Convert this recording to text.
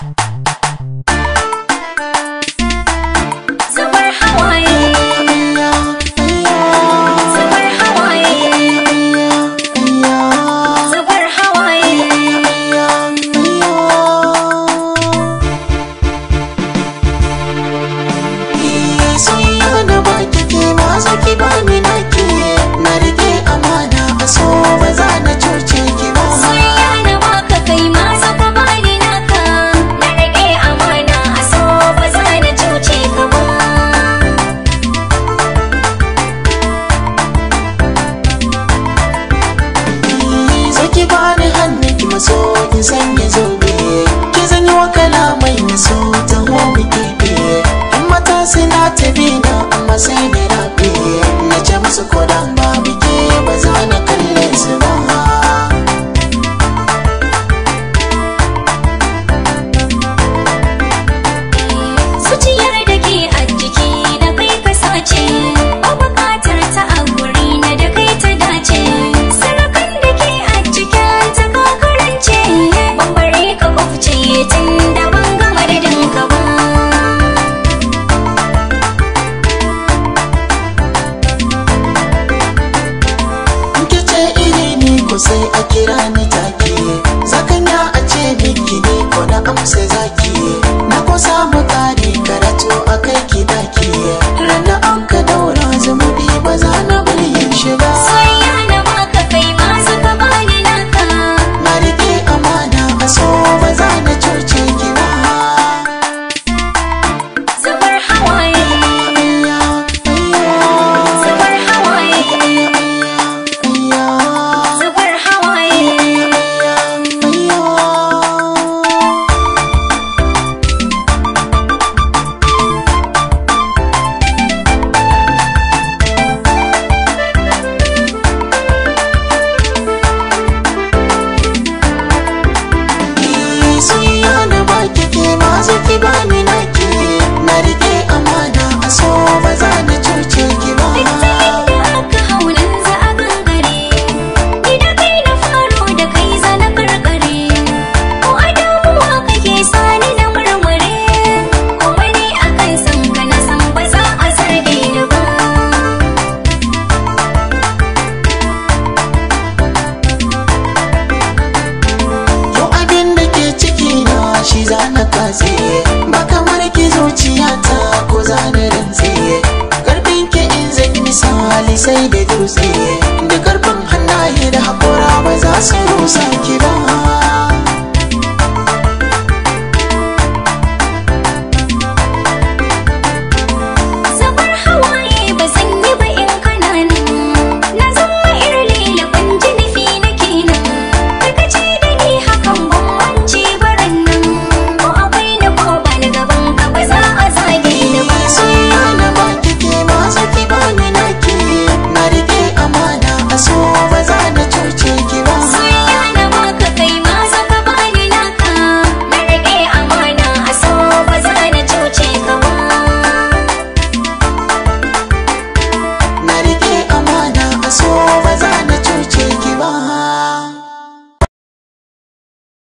Thank you. ki bani hannu ki maso ki sanya zobe ki zanyi wakala mai maso ta hobi kife in mata suna ta na amma sai da rafi na ce musu kodan babu ke ba za na kallon su ba sai a kira ni take zakanya a ce biki ne ko na amsa zaki na ko samu ta Masu ki ba ta ko zanen rantsi karfin kiɗin zan yi misali sai da dutse